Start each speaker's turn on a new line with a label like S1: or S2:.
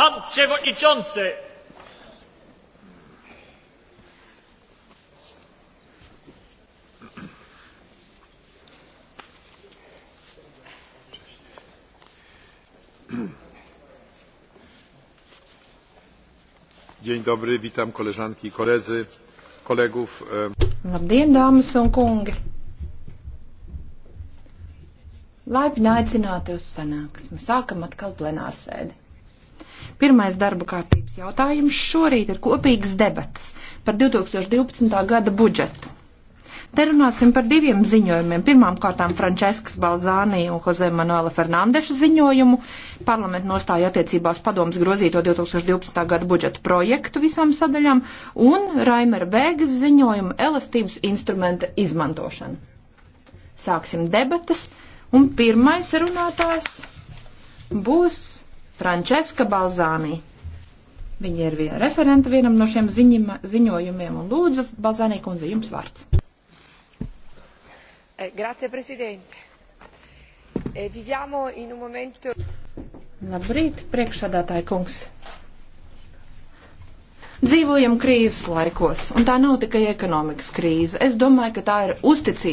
S1: Pan przewodniczący!
S2: Dzień dobry, witam koleżanki i koledzy, kolegów.
S3: E, Labdien, dāmas un kungi! Laipni aicināti uz sanāksmi. Sākam atkal plenārsēdi. Pirmais darba kārtības jautājums šorīt ir kopīgas debatas par 2012. gada budžetu. Te runāsim par diviem ziņojumiem. Pirmām kārtām Frančeskas Balzānī un Jose Manuela Fernandeša ziņojumu. Parlamenta nostāja attiecībās padomas grozīto 2012. gada budžeta projektu visām sadaļām un Raimera Bēgas ziņojumu elastības instrumenta izmantošanu. Sāksim debatas un pirmais runātājs būs Frančeska Balzānī. Viņa ir viena referenta vienam no šiem ziņima, ziņojumiem, un lūdzu, Balzānī kundze, jums vārds. Eh, grazie,
S4: prezidente. Eh, viviamo in un momento.
S3: Labrīt, priekšsādātāji kungs. Dzīvojam krīzes laikos, un tā nav tikai ekonomikas krīze. Es domāju, ka tā ir uzticība.